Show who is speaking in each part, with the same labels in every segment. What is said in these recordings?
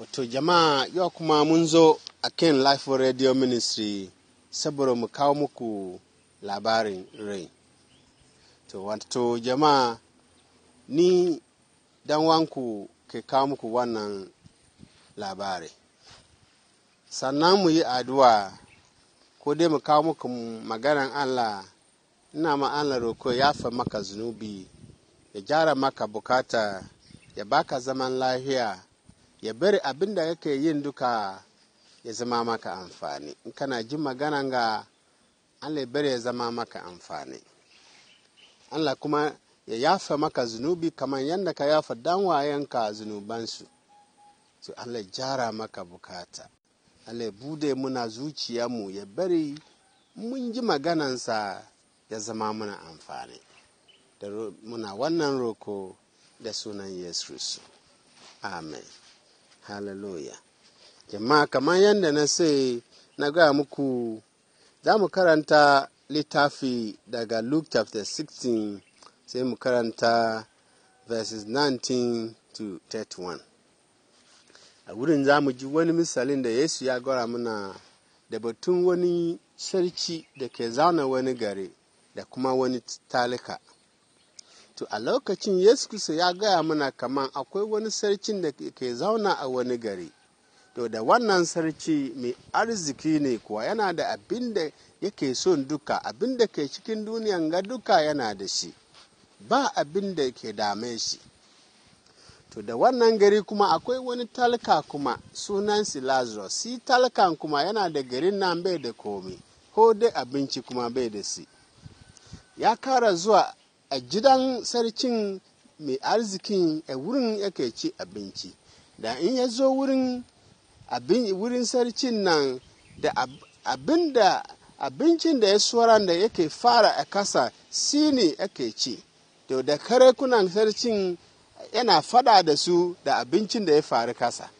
Speaker 1: Wato jama'a yau kuma mun zo a kan Life Radio Ministry saboda mu kawo muku labarin rai. To wato jama'a ni dan wanku ke kawo muku wannan labari. Sannan mu yi addu'a ko dai mu kawo muku maganan Allah ina ma Allah roko ya fa maka zunubi ya gyara maka bukata ya baka zaman lafiya. ya bari abin da kake yin duka ya zama maka amfani in kana jin maganan ga allah ya bari ya zama maka amfani allah kuma ya yafa maka zunubi kamar yadda ka yafa danwayenka zunubansu su allah jara maka bukata allah ya bude muna zuciyarmu ya bari mun ji maganansa ya zama muna amfani da muna wannan roko da sunan yesu amen Hallelujah. Jama'a kamar yadda na sai na gaya muku za mu karanta littafi daga Luke chapter 16 sai mu karanta verses 19 to 31. A wurin za mu ji wani misalin da Yesu ya gwara muna da batun wani sarki da ke zauna wani gari da kuma wani talika. To a lokacin Yesu Kristo ya gaya mana kaman akwai wani sarki da ke zauna a wani gari. To da wannan sarki mai arziki ne kuwa yana da abin da yake son duka, abin da ke cikin duniyan ga duka yana da shi, ba abin da ke dame shi. To da wannan gari kuma akwai wani talka kuma sunan si si talkan kuma yana da garin nan bai da komi, ko dai abinci kuma bai da si. Ya kara zuwa a gidan sarkin mai arzikin a wurin yake ci abinci da in ya zo wurin sarkin nan da abin abincin da ya tsoron da yake fara a kasa shi ne yake ci to da kare kunan sarkin yana fada da su da abincin da ya faru kasa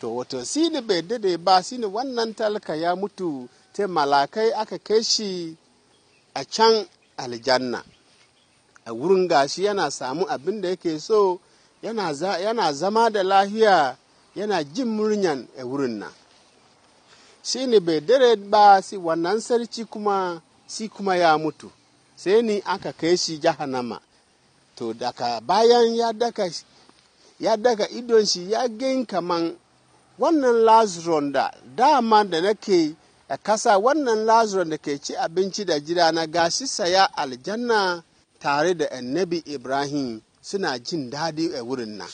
Speaker 1: to wato shi ne bai dade ba shi ne wannan talaka ya mutu ta malakai aka kai shi a can aljanna a wurin gashi yana samu abin da yake so yana, zama da lahiya yana jin muryan a wurin nan shi ne bai dare ba si wannan sarki kuma si kuma ya mutu sai ni aka kai shi jahannama to daga bayan ya daka daga idon shi ya gin kaman wannan lazuron da dama da nake a kasa wannan lazarus da ke ci abinci da gida na gashi saya aljanna tare da annabi ibrahim suna jin daɗi a wurin nan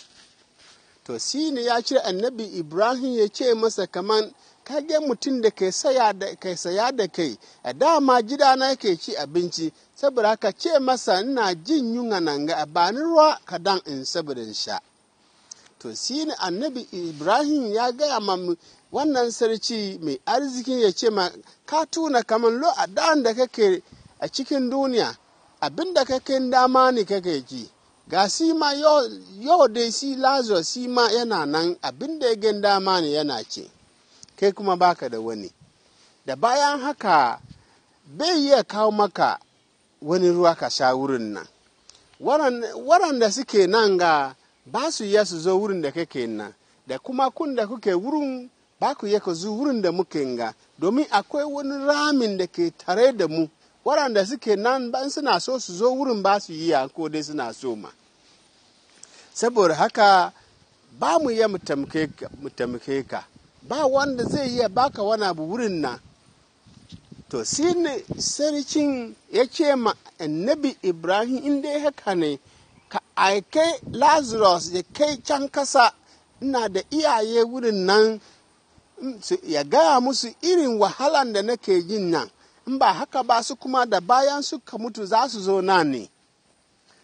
Speaker 1: to shi ne ya cire annabi ibrahim ya ce masa kaman kage mutum da kai saya da kai saya da kai a dama gida na ke ci abinci saboda ka ce masa ina jin yunwa nan ga bani ruwa dan in saboda sha to shi ne annabi ibrahim ya gaya ma wannan sarki mai arziki ya ce ma ka tuna kamar lo a da'an da kake a cikin duniya abin da kake dama ne kake ji ga si ma yau dai si lazo si ma yana nan abin da ya gan dama ne yana ce kai kuma baka da wani da bayan haka bai iya kawo maka wani ruwa ka sha wurin nan waɗanda suke nan ga ba su iya su zo wurin da kake nan da kuma kun da kuke wurin ba ku yaka zu wurin da muke ga domin akwai wani ramin da ke tare da mu waɗanda suke nan ban suna so su zo wurin ba su yi ko dai suna so ma saboda haka ba mu iya mu ka ba wanda zai iya baka wani abu wurin na to ne sarkin ya ce ma annabi ibrahim inda ya haka ne ka aike lazarus ya kai can kasa ina da iyaye wurin nan ya gaya musu irin wahalan da nake yin nan in ba haka ba su kuma da bayan suka mutu za su zo na ne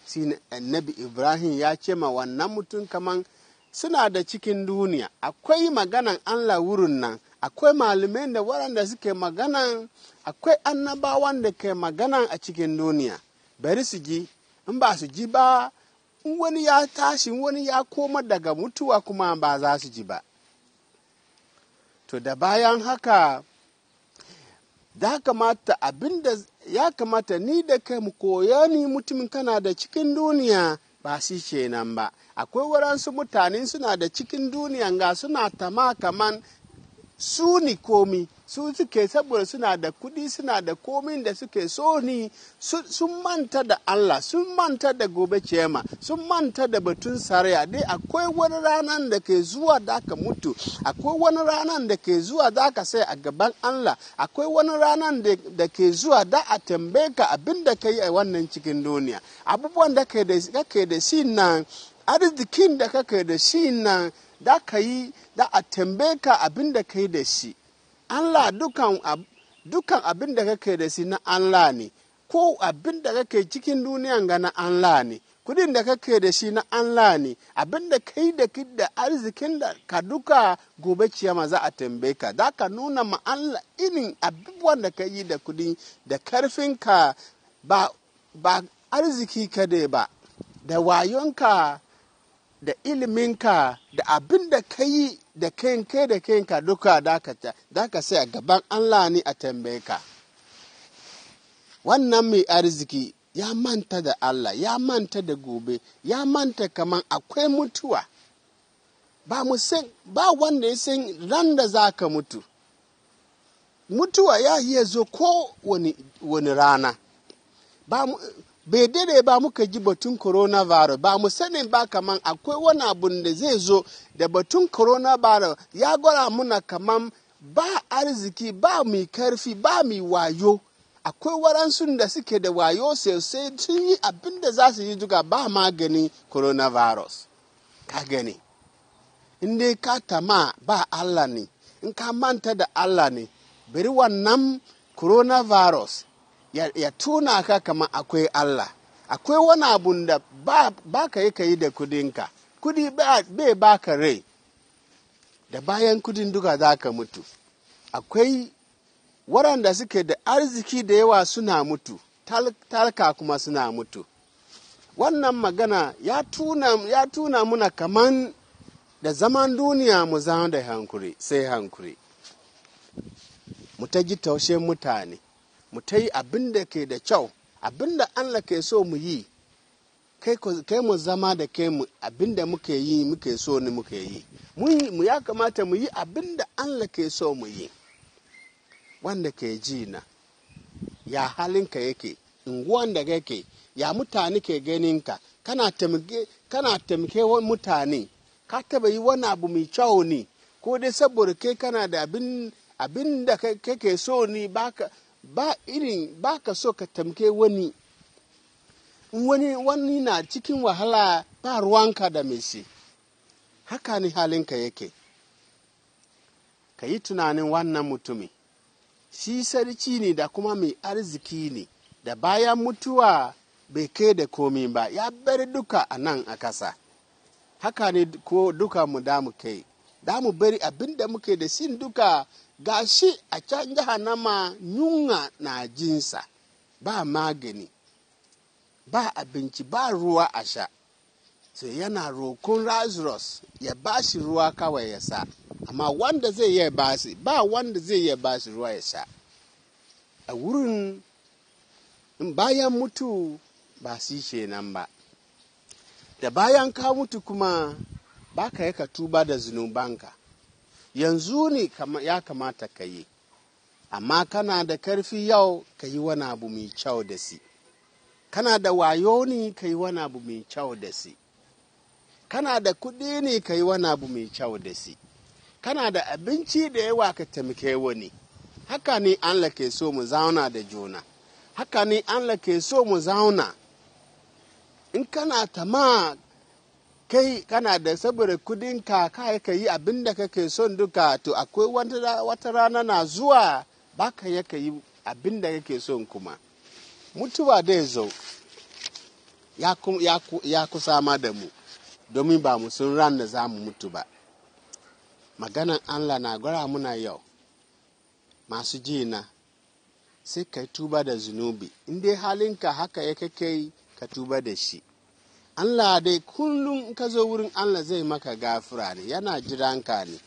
Speaker 1: si annabi ibrahim ya ce ma wannan mutum kaman suna da cikin duniya akwai maganan allah wurin nan akwai malamai da waɗanda suke maganan akwai annabawan da ke maganan a cikin duniya bari su ji in ba su ji ba wani ya tashi wani ya koma daga mutuwa kuma ba za su ji ba to da bayan haka da kamata abin ya kamata ni da kai mu koya ni mutumin kana da cikin duniya ba shi kenan ba akwai waransu mutane suna da cikin duniya ga suna tama kaman su ni komi su suke saboda suna da kuɗi suna da komin da suke so ni sun manta da Allah sun manta da gobe ciyama sun manta da batun sarya dai akwai wani ranan da ke zuwa da aka mutu akwai wani ranan da ke zuwa da aka sai a gaban Allah akwai wani ranan da ke zuwa da a tambaye ka abin da ka yi a wannan cikin duniya abubuwan da kake da shi nan arzikin da kake da shi nan da ka yi da a tambaye ka abin da ka yi da shi Allah dukan abin da kake da shi na Allah ne ko abin da kake cikin duniya ga na Allah ne kudin da kake da shi na Allah ne abin da kai da da arzikin da ka duka gobe ciyama za a tambaye ka za ka nuna ma Allah irin abubuwan da ka yi da kudi da karfinka ka ba arziki ka dai ba da wayonka da iliminka da abin da ka yi da kanka da kanka duka da ka sai a gaban Allah ne a tambaye ka. Wannan mai arziki ya manta da Allah, ya manta da gobe, ya manta kaman akwai mutuwa. Ba, musen, ba wanda ya san ran da za ka mutu. Mutuwa ya iya zo ko wani, rana. Ba, bai daidai ba muka ji batun coronavirus ba mu sanin ba kaman akwai wani abun da zai zo da batun coronavirus ya gwara muna kaman ba arziki ba mai karfi ba mai wayo akwai waransu da suke da wayo sosai sun yi abin da za su yi duka ba magani coronavirus ka gani in ka tama ba allah ne in ka manta da allah ne bari wannan coronavirus ya tuna ka kama akwai Allah akwai wani abun da ba ka yi ka yi da kudinka kudi bai ba ka rai da bayan kudin duka za ka mutu akwai waɗanda suke da arziki da yawa suna mutu talka kuma suna mutu wannan magana ya tuna, ya tuna muna kaman da zaman duniya mu zama da hankuri sai hankuri mu ta ji taushe mutane mu ta yi abin da ke da kyau abin da allah ke so mu yi kai mu zama da kai mu abin da muke yi muke so ni muke yi mu ya kamata mu yi abin da allah ke so mu yi wanda ke ji na ya halinka yake unguwan da yake ya mutane ke ganin ka? kana taimake mutane ka taba yi wani abu mai kyau ne ko dai saboda kai kana da abin da kake so ni baka ba irin ba ka so ka tamke wani wani wani na cikin wahala ba ruwanka da mesi haka ne halinka yake ka yi tunanin wannan mutumin shi sarki ne da kuma mai arziki ne da bayan mutuwa bai kai da komi ba ya bar duka a nan a kasa haka ne ko duka mu damu kai damu bari abin da muke da shi duka gashi a can jiha ma yunwa na jinsa ba magani ba abinci ba ruwa a sha sai yana rokon lazarus ya ba shi ruwa kawai ya sa amma wanda zai yi ba shi ba wanda zai yi ba shi ruwa ya sha a wurin bayan mutu ba su shi nan ba da bayan ka mutu kuma ba ka yi ka tuba da zunubanka yanzu ne ya kamata ka yi amma kana da karfi yau ka yi wani abu mai kyau da si kana da wayo ne ka yi wani abu mai kyau da si kana da kuɗi ne ka yi wani abu mai kyau da si kana da abinci da yawa ka taimake wani haka ne an ke so mu zauna da juna haka ne an ke so mu zauna in kana tama kai kana da saboda kudin ka kai ka yi abin da kake son duka to akwai wata rana na zuwa baka ya ka yi abin da kake son kuma mutuwa dai zo ya kusa ma da mu domin ba mu sun ran da za mu mutu ba maganan allah na gwara muna yau masu ji na sai ka tuba da zunubi inda dai halinka haka ya kake ka tuba da shi Allah dai kullum in ka zo wurin Allah zai maka gafura ne yana jiranka ne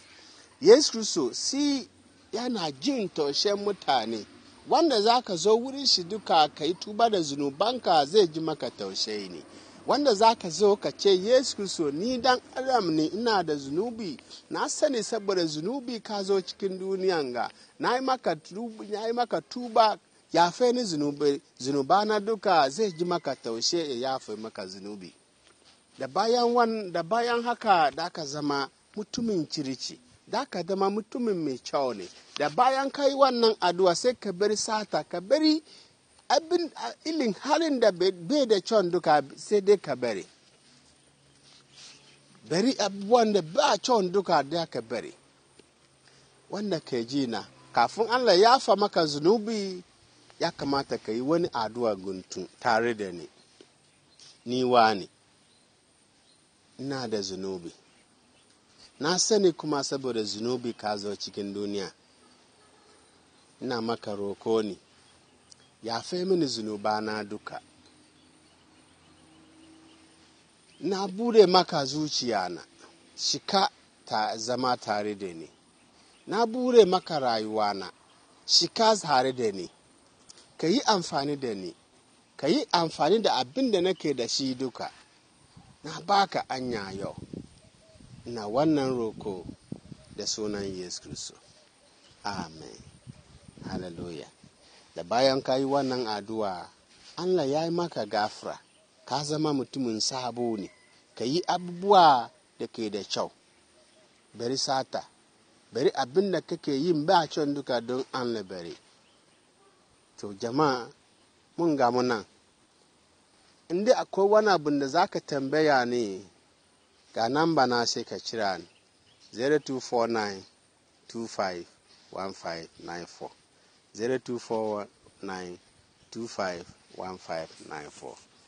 Speaker 1: Yesu Kristo si yana jin taushen mutane wanda za ka zo wurin shi duka ka yi tuba da zunubanka zai ji maka taushe ne wanda za ka zo ka ce yesu kristo ni dan adam ne ina da zunubi na sani saboda zunubi ka zo cikin duniyan ga na yi maka tuba yafe ni zunubana duka zai ji e maka taushe ya yafe maka zunubi da bayan wan da bayan haka da ka zama mutumin cirici da ka zama mutumin mai kyau ne da bayan kai wannan addu'a sai ka bari sata ka bari abin ilin halin da bai da kyau duka sai dai ka bari bari abubuwan da ba kyau duka da ka bari wanda ka ji na kafin Allah ya fa maka zunubi ya kamata ka yi wani addu'a guntu tare da ni ni ne ina da zunubi na sani kuma saboda zunubi ka zo cikin duniya ina maka roko ne ya fai mini na duka na bude maka zuciya na shika ta zama tare da ni na bure maka rayuwa na shika tare da ni ka yi amfani da ni ka yi amfani da abin da nake da shi duka na baka anya yau na wannan roko da sunan yesu kristo amen hallelujah da bayan ka yi wannan addu'a allah ya yi maka gafara ka zama mutumin sabo ne ka yi abubuwa da ke da kyau bari sata bari abin da kake yin ba duka don an bari to jama'a mun gamu nan inda akwai wani abin da za ka tambaya ne ga nan ba na sai ka cira ni 0249251594 0249251594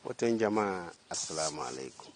Speaker 1: watan jama'a assalamu alaikum